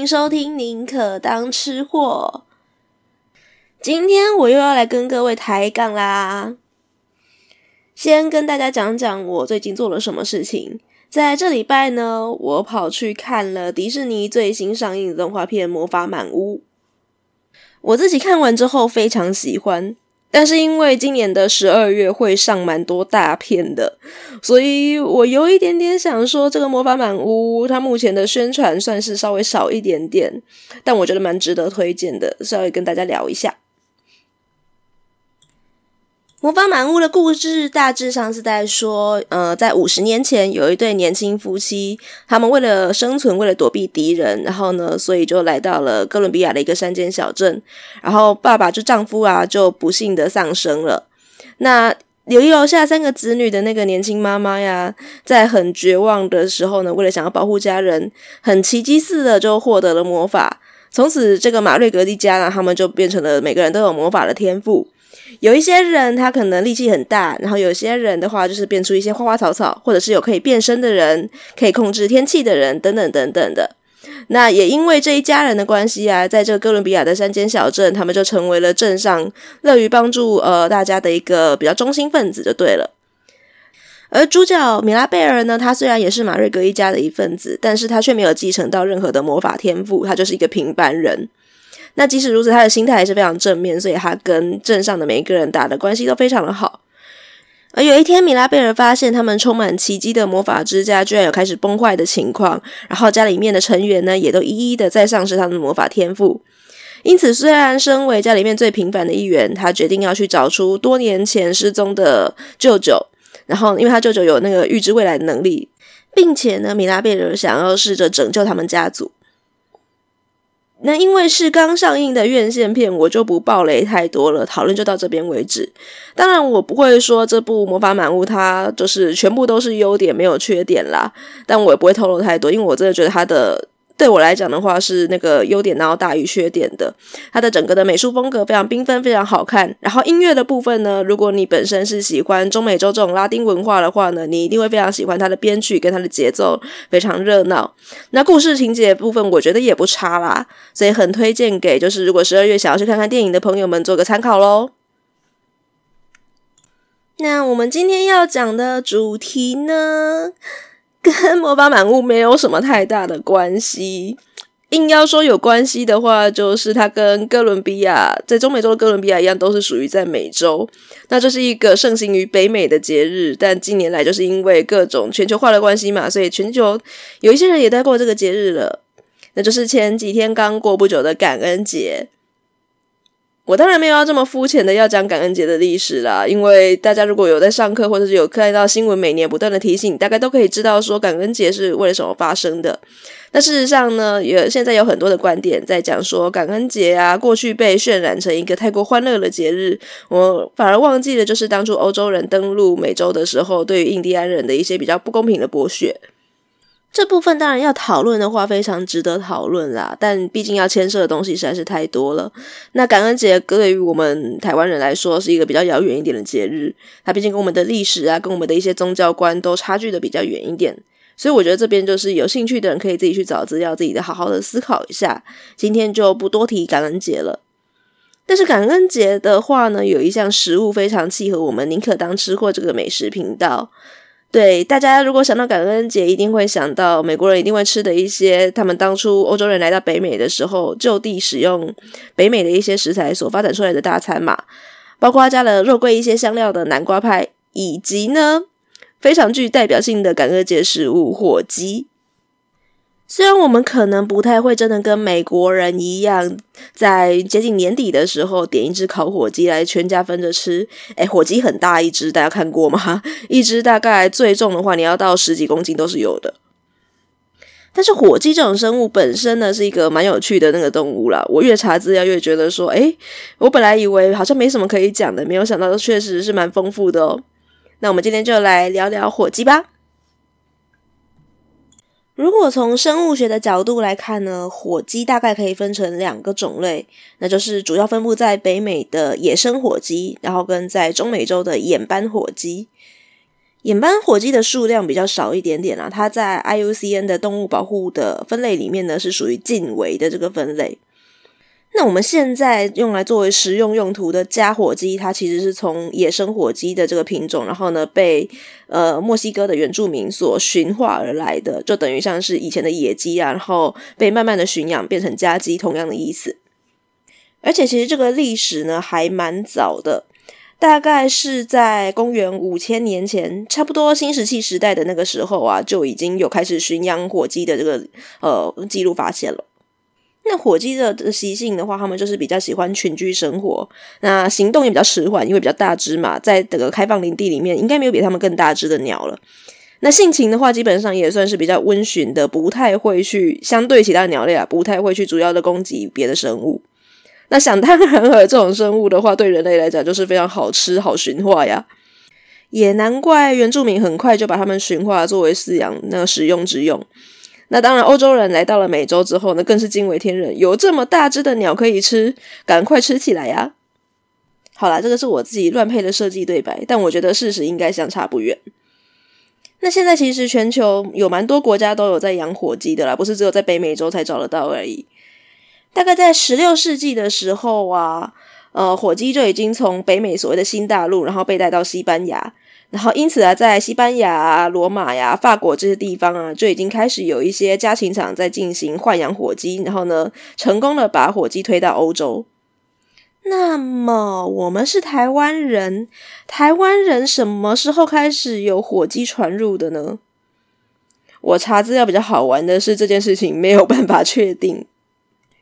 歡迎收聽《寧可當吃貨》，今天我又要來跟各位抬槓啦！先跟大家講講我最近做了什麼事情。在這禮拜呢，我跑去看了迪士尼最新上映的動畫片《魔法滿屋》，我自己看完之後非常喜歡。但是因為今年的十二月會上蠻多大片的，所以我有一點點想說，這個魔法滿屋它目前的宣傳算是稍微少一點點，但我覺得蠻值得推薦的，稍微跟大家聊一下。魔法滿屋的故事大致上是在說，呃，在五十年前，有一對年輕夫妻，他們為了生存，為了躲避敵人，然後呢，所以就來到了哥倫比亞的一個山間小鎮。然後爸爸就丈夫啊，就不幸的喪生了。那留留下三個子女的那個年輕媽媽呀，在很絕望的時候呢，為了想要保護家人，很奇蹟似的就獲得了魔法。從此，這個馬瑞格麗家呢，他們就變成了每個人都有魔法的天賦。有一些人他可能力氣很大，然後有些人的話就是變出一些花花草草，或者是有可以變身的人，可以控制天氣的人，等等等等的。那也因為這一家人的關係啊，在這哥倫比亞的山間小鎮，他們就成為了鎮上樂於幫助呃大家的一個比較中心分子，就對了。而主角米拉貝爾呢，他雖然也是馬瑞格一家的一份子，但是他卻沒有繼承到任何的魔法天賦，他就是一個平凡人。那即使如此，他的心態還是非常正面，所以他跟鎮上的每一個人打的關係都非常的好。而有一天，米拉貝爾發現他們充滿奇蹟的魔法之家居然有開始崩壞的情況，然後家裡面的成員呢，也都一一的在喪失他們的魔法天賦。因此，雖然身為家裡面最平凡的一員，他決定要去找出多年前失蹤的舅舅。然後，因為他舅舅有那個預知未來的能力，並且呢，米拉貝爾想要試着拯救他們家族。那因為是剛上映的院線片，我就不爆雷太多了，討論就到這邊為止。當然，我不會說這部《魔法滿屋》它就是全部都是優點，沒有缺點啦。但我也不會透露太多，因為我真的覺得它的。對我來講的話，是那個優點然後大於缺點的。它的整個的美術風格非常繽紛，非常好看。然後音樂的部分呢，如果你本身是喜歡中美洲這種拉丁文化的話呢，你一定會非常喜歡它的編曲跟它的節奏，非常熱鬧。那故事情節部分，我覺得也不差啦，所以很推薦給就是如果十二月想要去看看電影的朋友們做個參考嘍。那我們今天要講的主題呢，跟魔法滿屋沒有什麼太大的關係，硬要說有關係的話，就是它跟哥倫比亞在中美洲的哥倫比亞一樣，都是屬於在美洲。那這是一個盛行於北美的節日，但近年來就是因為各種全球化的關係嘛，所以全球有一些人也在過這個節日了。那就是前幾天剛過不久的感恩節。我當然沒有要這麼膚淺的要講感恩節的歷史啦，因為大家如果有在上課或者，是有看到新聞，每年不斷的提醒，大概都可以知道說感恩節是為了什麼發生的。那事實上呢，有現在有很多的觀點在講說感恩節啊，過去被渲染成一個太過歡樂的節日，我反而忘記了，就是當初歐洲人登陸美洲的時候，對於印第安人的一些比較不公平的剝削。這部分當然要討論的話，非常值得討論啦。但畢竟要牽涉的東西實在是太多了。那感恩節對於我們台灣人來說是一個比較遙遠一點的節日，它畢竟跟我們的歷史啊，跟我們的一些宗教觀都差距得比較遠一點。所以我覺得這邊就是有興趣的人可以自己去找資料，自己的好好的思考一下。今天就不多提感恩節了。但是感恩節的話呢，有一項食物非常契合我們寧可當吃貨這個美食頻道。對，大家如果想到感恩節，一定會想到美國人一定會吃的一些，他們當初歐洲人來到北美的時候，就地使用北美的一些食材所發展出來的大餐嘛，包括他加了肉桂一些香料的南瓜派，以及呢非常具代表性的感恩節食物火雞。雖然我們可能不太會真的跟美國人一樣，在接近年底的時候點一隻烤火雞來全家分着吃，哎，火雞很大一隻，大家看過嗎？一隻大概最重的話，你要到十幾公斤都是有的。但是火雞這種生物本身呢，是一個蠻有趣的那個動物啦。我越查資料越覺得說，哎，我本來以為好像沒什麼可以講的，沒有想到確實是蠻豐富的哦。那我們今天就來聊聊火雞吧。如果從生物學的角度來看呢，火雞大概可以分成兩個種類，那就是主要分布在北美的野生火雞，然後跟在中美洲的眼斑火雞。眼斑火雞的數量比較少一點點啊，它在 IUCN 的動物保護的分類裡面呢，是屬於近危的這個分類。那我們現在用來作為食用用途的家火雞，它其實是從野生火雞的這個品種，然後呢被呃墨西哥的原住民所馴化而來的，就等於像是以前的野雞，啊，然後被慢慢的馴養變成家雞，同樣的意思。而且其實這個歷史呢還蠻早的，大概是在公元五千年前，差不多新石器時代的那個時候啊，就已經有開始馴養火雞的這個呃記錄發現了。那火雞的習性的話，他們就是比較喜歡群居生活，那行動也比較遲緩，因為比較大只嘛，在這個開放林地裡面，應該沒有比他們更大只的鳥了。那性情的話，基本上也算是比較溫馴的，不太會去相對其他鳥類啊，不太會去主要的攻擊別的生物。那想當然耳，這種生物的話，對人類來講就是非常好吃、好馴化呀，也難怪原住民很快就把它們馴化作為飼養那個食用之用。那當然，歐洲人來到了美洲之後呢，更是驚為天人，有這麼大隻的鳥可以吃，趕快吃起來呀、啊！好啦，這個是我自己亂配的設計對白，但我覺得事實應該相差不遠。那現在其實全球有蠻多國家都有在養火雞的啦，不是只有在北美洲才找得到而已。大概在十六世紀的時候啊，呃，火雞就已經從北美所謂的新大陸，然後被帶到西班牙。然後，因此啊，在西班牙啊、羅馬呀、啊、法國這些地方啊，就已經開始有一些家禽場在進行豢養火雞，然後呢，成功的把火雞推到歐洲。那麼，我們是台灣人，台灣人什麼時候開始有火雞傳入的呢？我查資料比較好玩的是，這件事情沒有辦法確定，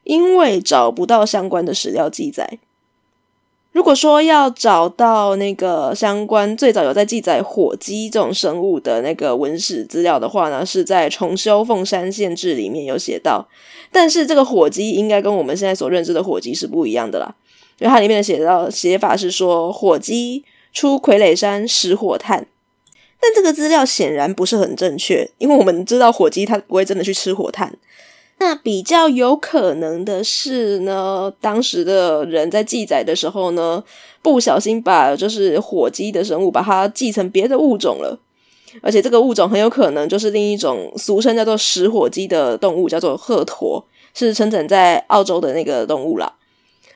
因為找不到相關的史料記載。如果說要找到那個相關最早有在記載火雞這種生物的那個文史資料的話呢，是在《重修鳳山縣志》裡面有寫到，但是這個火雞應該跟我們現在所認知的火雞是不一樣的啦，因為它裡面寫到寫法是說，火雞出傀儡山食火炭，但這個資料顯然不是很正確，因為我們知道火雞它不會真的去吃火炭。那比較有可能的是呢，當時的人在記載的時候呢，不小心把就是火雞的生物把它記成別的物種了，而且這個物種很有可能就是另一種俗稱叫做食火雞的動物，叫做鶴鴕，是生長在澳洲的那個動物啦。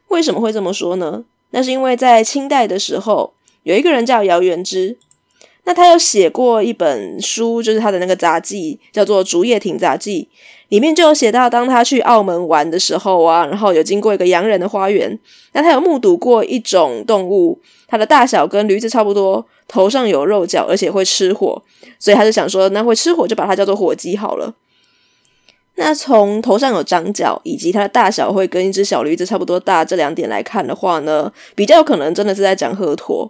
為什麼會這麼說呢？那是因為在清代的時候，有一個人叫姚元之，那他有寫過一本書，就是他的那個雜記叫做《竹葉亭雜記》。裡面就有寫到，當他去澳門玩的時候啊，然後有經過一個洋人的花園，那他有目睹過一種動物，它的大小跟驢子差不多，頭上有肉角，而且會吃火，所以他就想說，那會吃火就把它叫做火雞好了。那從頭上有長角，以及它的大小會跟一隻小驢子差不多大這兩點來看的話呢，比較有可能真的是在講鶴鴕。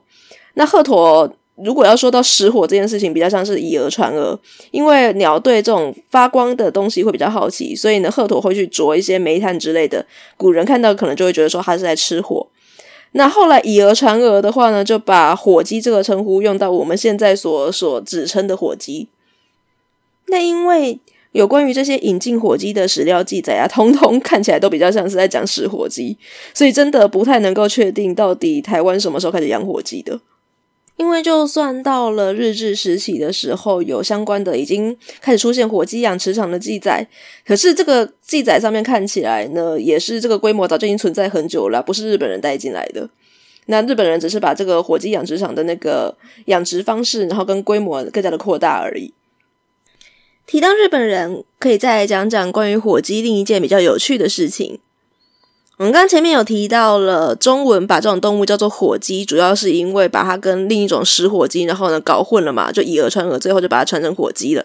那鶴鴕。如果要說到食火這件事情，比較像是以訛傳訛，因為鳥對這種發光的東西會比較好奇，所以呢，鶴鴕會去啄一些煤炭之類的。古人看到可能就會覺得說，它是在吃火。那後來以訛傳訛的話呢，就把火雞這個稱呼用到我們現在所所指稱的火雞。那因為有關於這些引進火雞的史料記載啊，通通看起來都比較像是在講食火雞，所以真的不太能夠確定到底台灣什麼時候開始養火雞的。因為就算到了日治時期的時候，有相關的已經開始出現火雞養殖場的記載，可是這個記載上面看起來呢，也是這個規模早就已經存在很久了，不是日本人帶進來的。那日本人只是把這個火雞養殖場的那個養殖方式，然後跟規模更加的擴大而已。提到日本人，可以再來講講關於火雞另一件比較有趣的事情。我們剛前面有提到了中文把這種動物叫做火雞，主要是因為把它跟另一種食火雞，然後呢搞混了嘛，就以訛傳訛，最後就把它傳成火雞了。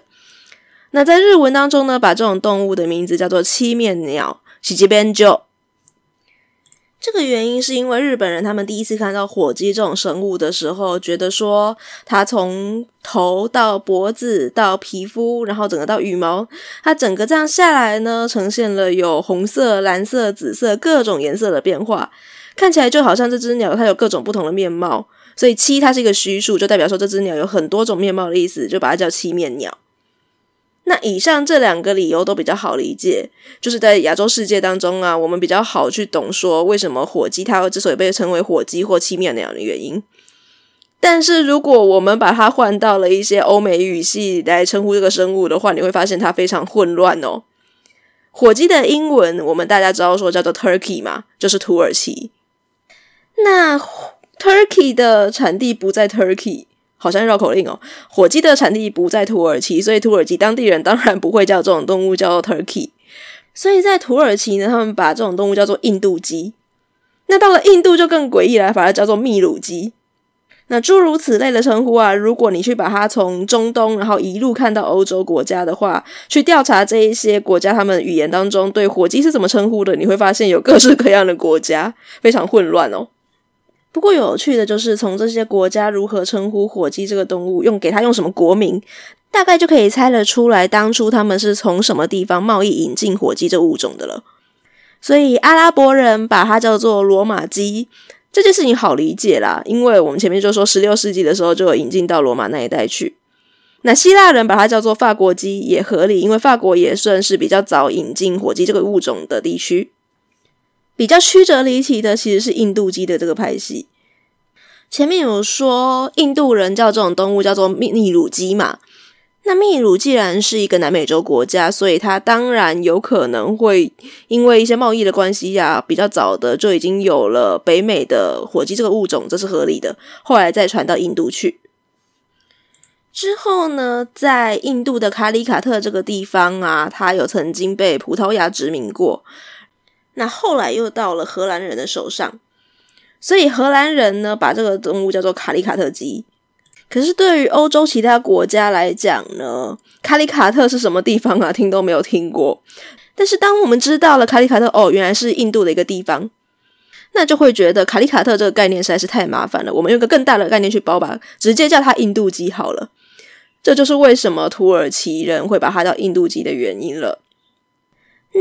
那在日文當中呢，把這種動物的名字叫做七面鳥，七面鳥。這個原因是因為日本人他們第一次看到火雞這種生物的時候，覺得說它從頭到脖子到皮膚，然後整個到羽毛，它整個這樣下來呢，呈現了有紅色、藍色、紫色各種顏色的變化，看起來就好像這隻鳥它有各種不同的面貌，所以七它是一個虛數，就代表說這隻鳥有很多種面貌的意思，就把它叫七面鳥。那以上這兩個理由都比較好理解，就是在亞洲世界當中啊，我們比較好去懂說為什麼火雞它之所以被稱為火雞或七面鳥那樣的原因。但是如果我們把它換到了一些歐美語系來稱呼這個生物的話，你會發現它非常混亂哦。火雞的英文我們大家知道說叫做 turkey 嘛，就是土耳其。那 turkey 的產地不在 turkey。好像繞口令哦。火雞的產地不在土耳其，所以土耳其當地人當然不會叫這種動物叫做 Turkey。所以在土耳其呢，他們把這種動物叫做印度雞。那到了印度就更詭異了，反而叫做秘魯雞。那諸如此類的稱呼啊，如果你去把它從中東，然後一路看到歐洲國家的話，去調查這一些國家他們語言當中對火雞是怎麼稱呼的，你會發現有各式各樣的國家，非常混亂哦。不過有趣的就是，從這些國家如何稱呼火雞這個動物，用給它用什麼國名，大概就可以猜得出來，當初他們是從什麼地方貿易引進火雞這物種的了。所以阿拉伯人把它叫做羅馬雞，這件事情好理解啦，因為我們前面就說，十六世紀的時候就有引進到羅馬那一帶去。那希臘人把它叫做法國雞也合理，因為法國也算是比較早引進火雞這個物種的地區。比較曲折離奇的其實是印度雞的這個派系。前面有說印度人叫這種動物叫做秘魯雞嘛？那秘魯既然是一個南美洲國家，所以它當然有可能會因為一些貿易的關係呀，比較早的就已經有了北美的火雞這個物種，這是合理的。後來再傳到印度去之後呢，在印度的卡里卡特這個地方啊，它有曾經被葡萄牙殖民過。那後來又到了荷蘭人的手上，所以荷蘭人呢，把這個動物叫做卡里卡特雞。可是對於歐洲其他國家來講呢，卡里卡特是什麼地方啊？聽都沒有聽過。但是當我們知道了卡里卡特，哦，原來是印度的一個地方，那就會覺得卡里卡特這個概念實在是太麻煩了。我們用個更大的概念去包吧，直接叫它印度雞好了。這就是為什麼土耳其人會把它叫印度雞的原因了。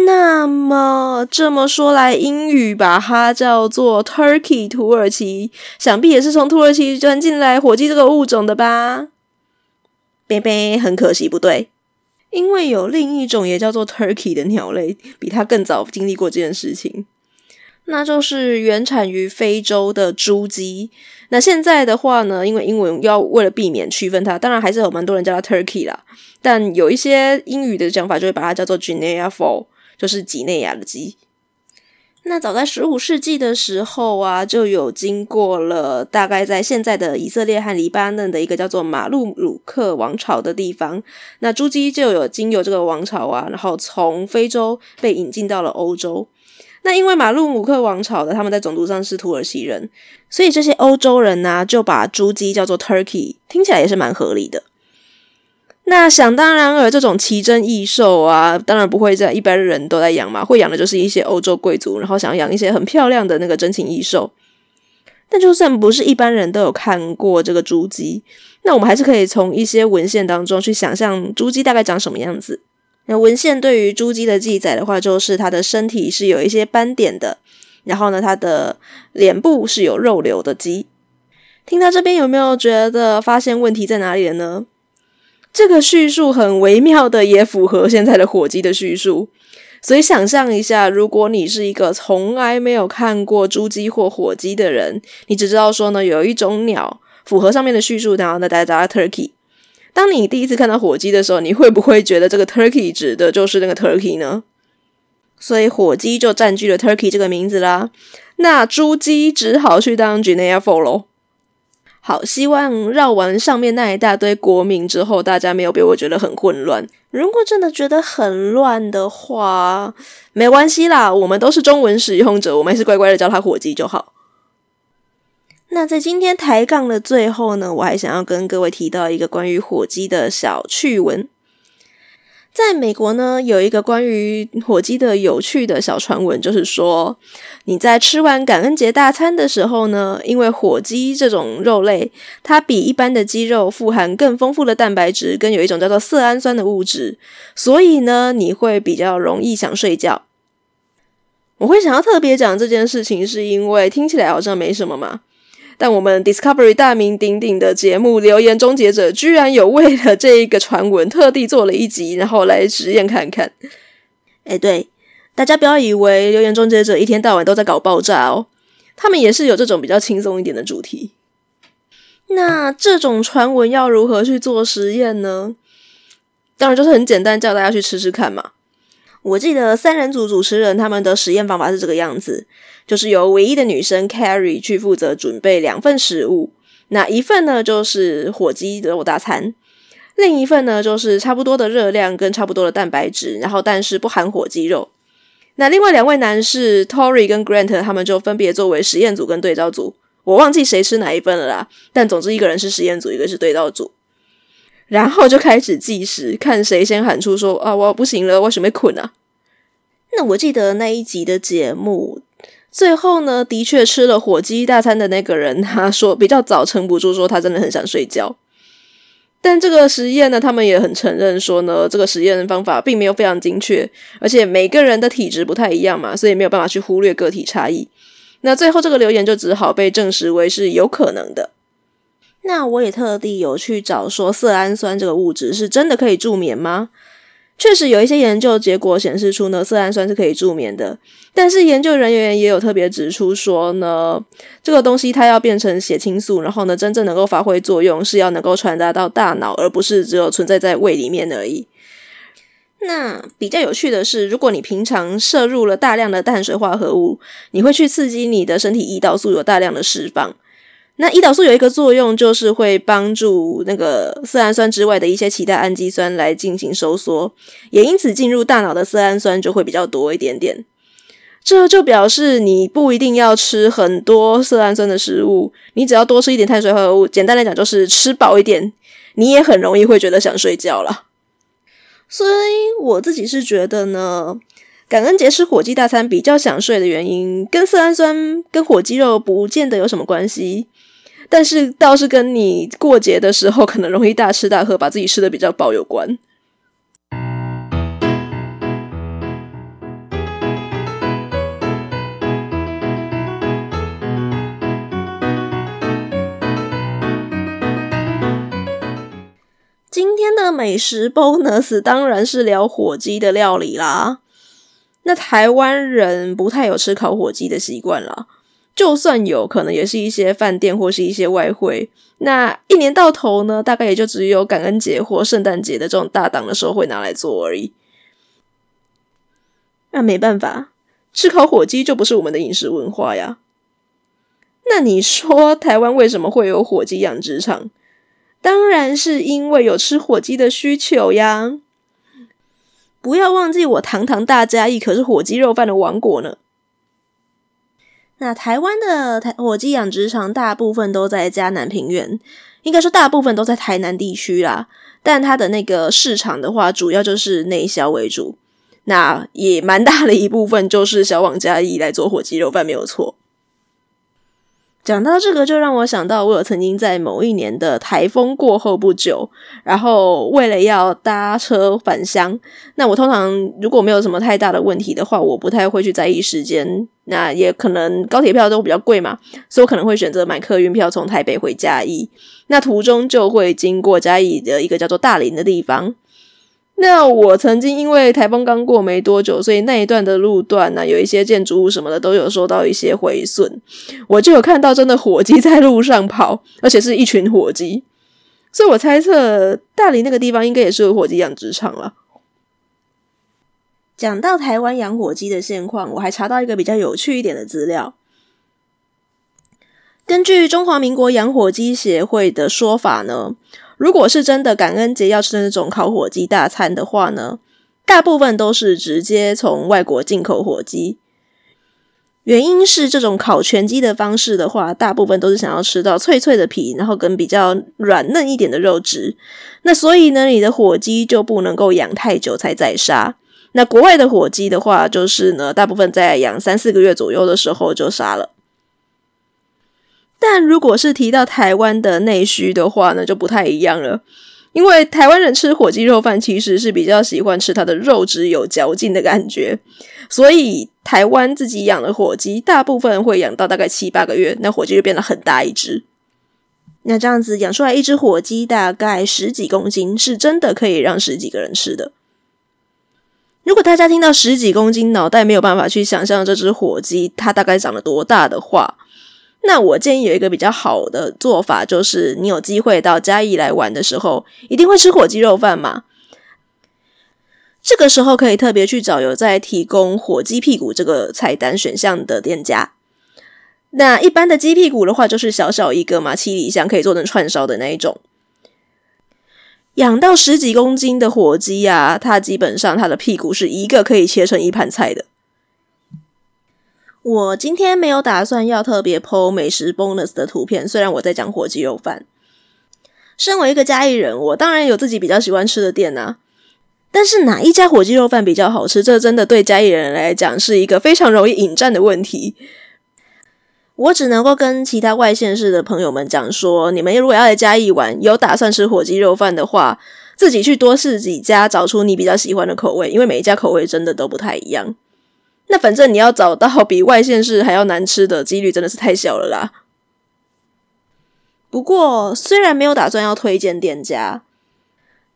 那麼這麼說來，英語把它叫做 turkey（ 土耳其），想必也是從土耳其傳進來火雞這個物種的吧？別別，很可惜，不對，因為有另一種也叫做 turkey 的鳥類，比它更早經歷過這件事情，那就是原產於非洲的珠雞。那現在的話呢，因為英文要為了避免區分它，當然還是有蠻多人叫它 turkey 啦，但有一些英語的講法就會把它叫做 guinea fowl。就是幾內亞的雞。那早在十五世紀的時候啊，就有經過了大概在現在的以色列和黎巴嫩的一個叫做馬路魯克王朝的地方。那珠雞就有經由這個王朝啊，然後從非洲被引進到了歐洲。那因為馬路魯克王朝的他們在種族上是土耳其人，所以這些歐洲人呢，啊，就把珠雞叫做 Turkey，聽起來也是蠻合理的。那想當然耳，這種奇珍異獸啊，當然不會在一般人都在養嘛，會養的就是一些歐洲貴族，然後想養一些很漂亮的那個珍禽異獸。但就算不是一般人都有看過這個珠雞，那我們還是可以從一些文獻當中去想象珠雞大概長什麼樣子。那文獻對於珠雞的記載的話，就是它的身體是有一些斑點的，然後呢，它的臉部是有肉瘤的雞。聽到這邊有沒有覺得發現問題在哪裡了呢？這個敘述很微妙的，也符合現在的火雞的敘述。所以想象一下，如果你是一個從來沒有看過珠雞或火雞的人，你只知道說呢，有一種鳥符合上面的敘述，然後呢，大家叫它 turkey。當你第一次看到火雞的時候，你會不會覺得這個 turkey 指的就是那個 turkey 呢？所以火雞就佔據了 turkey 這個名字啦，那珠雞只好去當 Guinea fowl 咯。好，希望繞完上面那一大堆國名之後，大家沒有被我覺得很混亂。如果真的覺得很亂的話，沒關係啦，我們都是中文使用者，我們還是乖乖的叫他火雞就好。那在今天抬槓的最後呢，我還想要跟各位提到一個關於火雞的小趣聞。在美國呢，有一個關於火雞的有趣的小傳聞，就是說你在吃完感恩節大餐的時候呢，因為火雞這種肉類，它比一般的雞肉富含更豐富的蛋白質，跟有一種叫做色氨酸的物質，所以呢，你會比較容易想睡覺。我會想要特別講這件事情，是因為聽起來好像沒什麼嘛。但我們 Discovery 大名鼎鼎的節目《流言終結者》居然有為了這一個傳聞，特地做了一集，然後來實驗看看。誒，對，大家不要以為《流言終結者》一天到晚都在搞爆炸哦，他們也是有這種比較輕鬆一點的主題。那這種傳聞要如何去做實驗呢？當然就是很簡單，叫大家去吃吃看嘛。我記得三人組主持人他們的實驗方法是這個樣子。就是由唯一的女生 Carrie 去負責準備兩份食物，那一份呢就是火雞肉大餐，另一份呢就是差不多的熱量跟差不多的蛋白質，然後但是不含火雞肉。那另外兩位男士 Tory 跟 Grant 他們就分別作為實驗組跟對照組，我忘記誰吃哪一份了啦，但總之一個人是實驗組，一個是對照組，然後就開始計時，看誰先喊出說啊我不行了，我準備困了。那我記得那一集的節目。最後呢，的確吃了火雞大餐的那個人，他說比較早撐不住，說他真的很想睡覺。但這個實驗呢，他們也很承認說呢，這個實驗的方法並沒有非常精確，而且每個人的體質不太一樣嘛，所以沒有辦法去忽略個體差異。那最後這個流言就只好被證實為是有可能的。那我也特地有去找說色胺酸這個物質是真的可以助眠嗎？確實有一些研究結果顯示出呢，色氨酸是可以助眠的。但是研究人員也有特別指出說呢，這個東西它要變成血清素，然後呢，真正能夠發揮作用是要能夠傳達到大腦，而不是只有存在在胃裡面而已。那比較有趣的是，如果你平常攝入了大量的碳水化合物，你會去刺激你的身體胰島素有大量的釋放。那胰島素有一個作用，就是會幫助那個色氨酸之外的一些其他氨基酸來進行收縮，也因此進入大腦的色氨酸就會比較多一點點。這就表示你不一定要吃很多色氨酸的食物，你只要多吃一點碳水化合物。簡單來講，就是吃飽一點，你也很容易會覺得想睡覺了。所以我自己是覺得呢，感恩節吃火雞大餐比較想睡的原因，跟色氨酸跟火雞肉不見得有什麼關係。但是倒是跟你過節的時候可能容易大吃大喝，把自己吃的比較飽有關。今天的美食 bonus 當然是聊火雞的料理啦。那台灣人不太有吃烤火雞的習慣啦。就算有可能，也是一些飯店或是一些外燴。那一年到頭呢，大概也就只有感恩節或聖誕節的這種大檔的時候會拿來做而已。那、啊、沒辦法，吃烤火雞就不是我們的飲食文化呀。那你說台灣為什麼會有火雞養殖場？當然是因為有吃火雞的需求呀。不要忘記，我堂堂大嘉義可是火雞肉飯的王國呢。那台灣的台火雞養殖場大部分都在嘉南平原，應該說大部分都在台南地區啦。但它的那個市場的話，主要就是內銷為主，那也蠻大的一部分就是銷往嘉義來做火雞肉飯，沒有錯。講到這個，就讓我想到我有曾經在某一年的台風過後不久，然後為了要搭車返鄉。那我通常如果沒有什麼太大的問題的話，我不太會去在意時間。那也可能高鐵票都比較貴嘛，所以我可能會選擇買客運票從台北回嘉義。那途中就會經過嘉義的一個叫做大林的地方。那我曾經因為台風剛過沒多久，所以那一段的路段呢、啊，有一些建築物什麼的都有受到一些毀損。我就有看到真的火雞在路上跑，而且是一群火雞，所以我猜測，大理那個地方應該也是火雞養殖場了。講到台灣養火雞的現況，我還查到一個比較有趣一點的資料。根據中華民國養火雞協會的說法呢。如果是真的感恩節要吃的那種烤火雞大餐的話呢，大部分都是直接從外國進口火雞。原因是這種烤全雞的方式的話，大部分都是想要吃到脆脆的皮，然後跟比較軟嫩一點的肉質。那所以呢，你的火雞就不能夠養太久才宰殺。那國外的火雞的話，就是呢，大部分在養三四個月左右的時候就殺了。但如果是提到台灣的內需的話呢，就不太一樣了。因為台灣人吃火雞肉飯，其實是比較喜歡吃它的肉質有嚼勁的感覺。所以台灣自己養的火雞，大部分會養到大概七八個月，那火雞就變得很大一隻。那這樣子養出來一隻火雞，大概十幾公斤，是真的可以讓十幾個人吃的。如果大家聽到十幾公斤，腦袋沒有辦法去想象這隻火雞它大概長了多大的話。那我建議有一個比較好的做法，就是你有機會到嘉義來玩的時候，一定會吃火雞肉飯嘛。這個時候可以特別去找有在提供火雞屁股這個菜單選項的店家。那一般的雞屁股的話，就是小小一個嘛，七里香可以做成串燒的那一種。養到十幾公斤的火雞啊，它基本上它的屁股是一個可以切成一盤菜的。我今天沒有打算要特別 Po 美食 bonus 的圖片，雖然我在講火雞肉飯。身為一個嘉義人，我當然有自己比較喜歡吃的店吶、啊。但是哪一家火雞肉飯比較好吃，這真的對嘉義人來講是一個非常容易引戰的問題。我只能夠跟其他外縣市的朋友們講說，你們如果要在嘉義玩，有打算吃火雞肉飯的話，自己去多試幾家，找出你比較喜歡的口味，因為每一家口味真的都不太一樣。那反正你要找到比外縣市還要難吃的幾率真的是太小了啦。不過雖然沒有打算要推薦店家，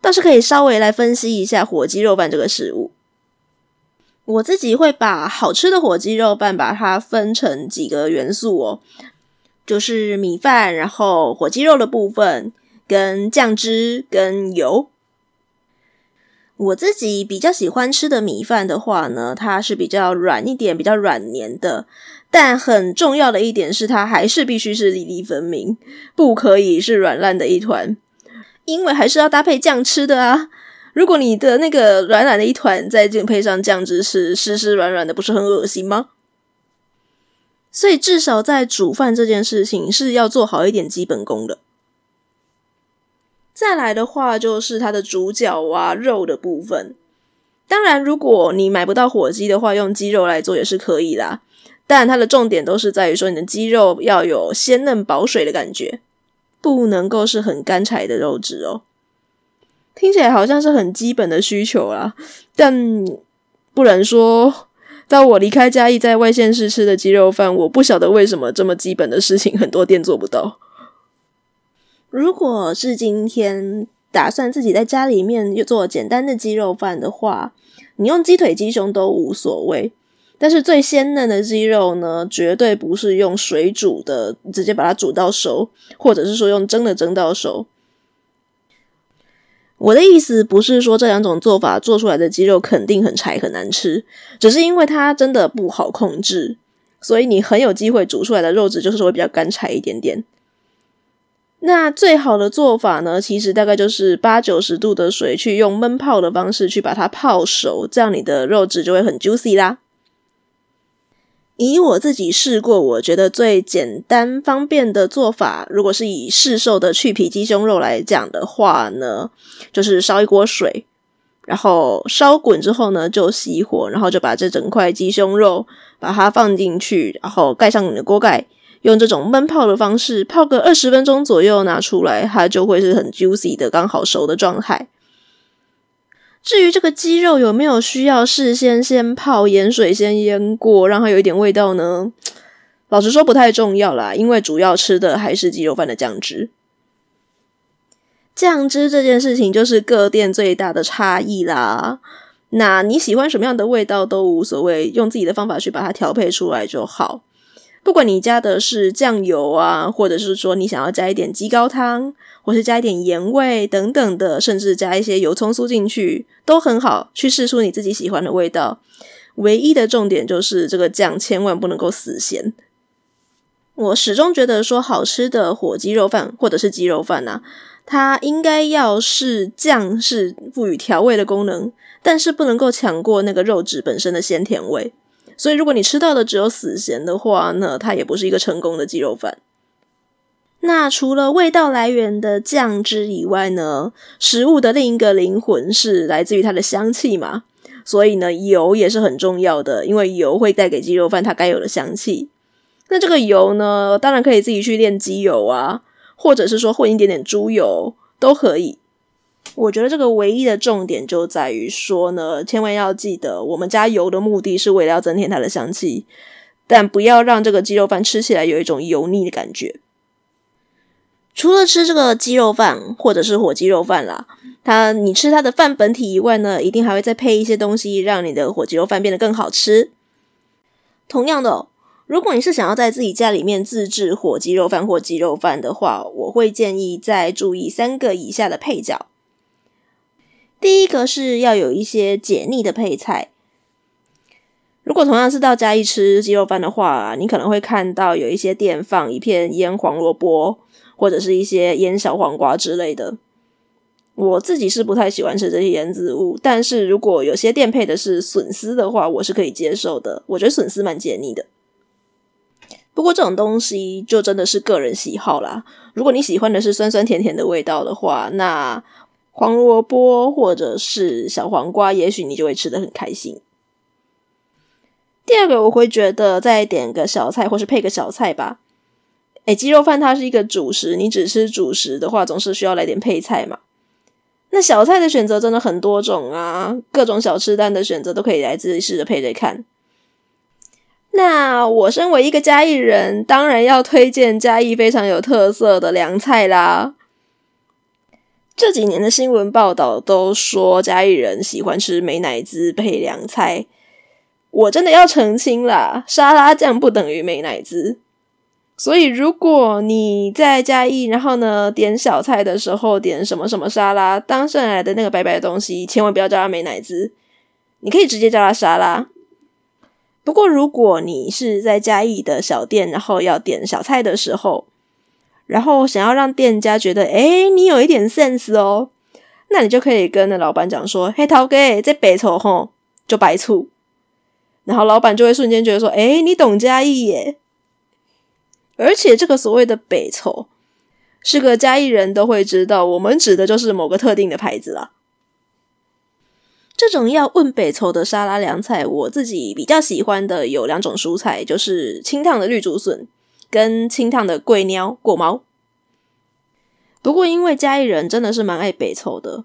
倒是可以稍微來分析一下火雞肉飯這個食物。我自己會把好吃的火雞肉飯把它分成幾個元素哦，就是米飯，然後火雞肉的部分，跟醬汁，跟油。我自己比較喜歡吃的米飯的話呢，它是比較軟一點、比較軟黏的。但很重要的一點是，它還是必須是粒粒分明，不可以是軟爛的一團，因為還是要搭配醬吃的啊。如果你的那個軟軟的一團再配上醬汁吃，濕濕軟軟的，不是很噁心嗎？所以至少在煮飯這件事情是要做好一點基本功的。再來的話就是它的主角啊，肉的部分，當然如果你買不到火雞的話，用雞肉來做也是可以啦。但它的重點都是在於說你的雞肉要有鮮嫩保水的感覺，不能夠是很乾柴的肉質哦、喔。聽起來好像是很基本的需求啦，但不然說，在我離開嘉義在外縣市吃的雞肉飯，我不曉得為什麼這麼基本的事情很多店做不到。如果是今天打算自己在家裡面又做簡單的雞肉飯的話，你用雞腿、雞胸都無所謂。但是最鮮嫩的雞肉呢，絕對不是用水煮的，直接把它煮到熟，或者是說用蒸的蒸到熟。我的意思不是說這兩種做法做出來的雞肉肯定很柴很難吃，只是因為它真的不好控制，所以你很有機會煮出來的肉質就是會比較乾柴一點點。那最好的做法呢，其實大概就是八九十度的水，去用悶泡的方式去把它泡熟，這樣你的肉質就會很 juicy 啦。以我自己試過，我覺得最簡單方便的做法，如果是以市售的去皮雞胸肉來講的話呢，就是燒一鍋水，然後燒滾之後呢就熄火，然後就把這整塊雞胸肉把它放進去，然後蓋上你的鍋蓋。用這種悶泡的方式泡個二十分鐘左右，拿出來它就會是很 juicy 的，剛好熟的狀態。至於這個雞肉有沒有需要事先先泡鹽水，先醃過，讓它有一點味道呢？老實說不太重要啦，因為主要吃的還是雞肉飯的醬汁。醬汁這件事情就是各店最大的差異啦。那你喜歡什麼樣的味道都無所謂，用自己的方法去把它調配出來就好。不管你加的是醬油啊，或者是說你想要加一點雞高湯，或是加一點鹽味等等的，甚至加一些油蔥酥進去，都很好去試出你自己喜歡的味道。唯一的重點就是這個醬千萬不能夠死鹹。我始終覺得說好吃的火雞肉飯或者是雞肉飯吶、啊，它應該要是醬是賦予調味的功能，但是不能夠搶過那個肉質本身的鮮甜味。所以，如果你吃到的只有死鹹的話，那它也不是一個成功的雞肉飯。那除了味道來源的醬汁以外呢，食物的另一個靈魂是來自於它的香氣嘛，所以呢，油也是很重要的，因為油會帶給雞肉飯它該有的香氣。那這個油呢，當然可以自己去煉雞油啊，或者是說混一點點豬油都可以。我覺得這個唯一的重點就在於說呢，千萬要記得，我們加油的目的是為了要增添它的香氣，但不要讓這個雞肉飯吃起來有一種油膩的感覺。除了吃這個雞肉飯或者是火雞肉飯啦，它，你吃它的飯本體以外呢，一定還會再配一些東西，讓你的火雞肉飯變得更好吃。同樣的哦，如果你是想要在自己家裡面自製火雞肉飯或雞肉飯的話，我會建議再注意三個以下的配角。第一個是要有一些解膩的配菜，如果同樣是到嘉義吃雞肉飯的話啊，你可能會看到有一些店放一片醃黃蘿蔔，或者是一些醃小黃瓜之類的。我自己是不太喜歡吃這些醃漬物，但是如果有些店配的是筍絲的話，我是可以接受的。我覺得筍絲蠻解膩的。不過這種東西就真的是個人喜好啦。如果你喜歡的是酸酸甜甜的味道的話，那，黃蘿蔔或者是小黃瓜，也許你就會吃得很開心。第二個，我會覺得再點個小菜或是配個小菜吧。誒、欸、雞肉飯它是一個主食，你只吃主食的話，總是需要來點配菜嘛。那小菜的選擇真的很多種啊，各種小吃攤的選擇都可以來自己試着配着看。那我身為一個嘉義人，當然要推薦嘉義非常有特色的涼菜啦。這幾年的新聞報道都說嘉義人喜歡吃美乃滋配涼菜，我真的要澄清啦！沙拉醬不等於美乃滋，所以如果你在嘉義，然後呢，點小菜的時候，點什麼什麼沙拉，當上來的那個白白的東西，千萬不要叫它美乃滋，你可以直接叫它沙拉。不過如果你是在嘉義的小店，然後要點小菜的時候，然後想要讓店家覺得，誒，你有一點 sense 哦，那你就可以跟那老闆講說，嘿，頭家，在北醜吼就白醋，然後老闆就會瞬間覺得說，誒，你懂嘉義耶，而且這個所謂的北醜，是個嘉義人都會知道，我們指的就是某個特定的牌子啦。這種要問北醜的沙拉涼菜，我自己比較喜歡的有兩種蔬菜，就是清燙的綠竹筍。跟清湯的桂喵、過貓，不過因為嘉義人真的是蠻愛白醋的，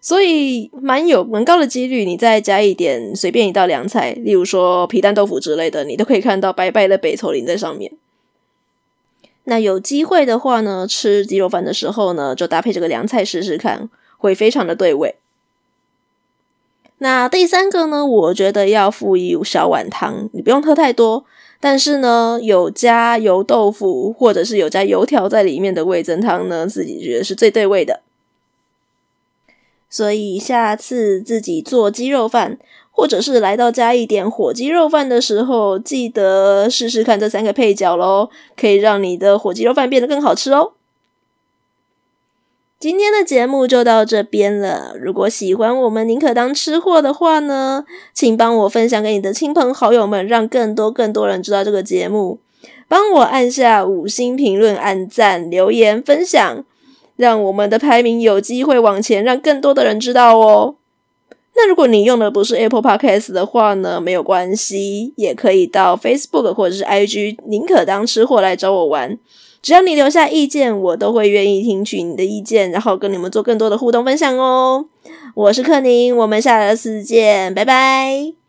所以蠻有蠻高的幾率，你再加一點隨便一道涼菜，例如說皮蛋豆腐之類的，你都可以看到白白的白醋淋在上面。那有機會的話呢，吃雞肉飯的時候呢，就搭配這個涼菜試試看，會非常的對味。那第三個呢，我覺得要附一小碗湯，你不用喝太多。但是呢，有加油豆腐或者是有加油條在裡面的味噌湯呢，自己覺得是最對味的。所以下次自己做雞肉飯，或者是來到嘉義點火雞肉飯的時候，記得試試看這三個配角嘍，可以讓你的火雞肉飯變得更好吃哦。今天的節目就到這邊了。如果喜歡我們寧可當吃貨的話呢，請幫我分享給你的親朋好友們，讓更多更多人知道這個節目。幫我按下五星評論、按讚、留言、分享，讓我們的排名有機會往前，讓更多的人知道哦。那如果你用的不是 Apple Podcast 的話呢，沒有關係，也可以到 Facebook 或者是 IG 寧可當吃貨來找我玩。只要你留下意見，我都會願意聽取你的意見，然後跟你們做更多的互動分享哦。我是柯寧，我們下次見，拜拜。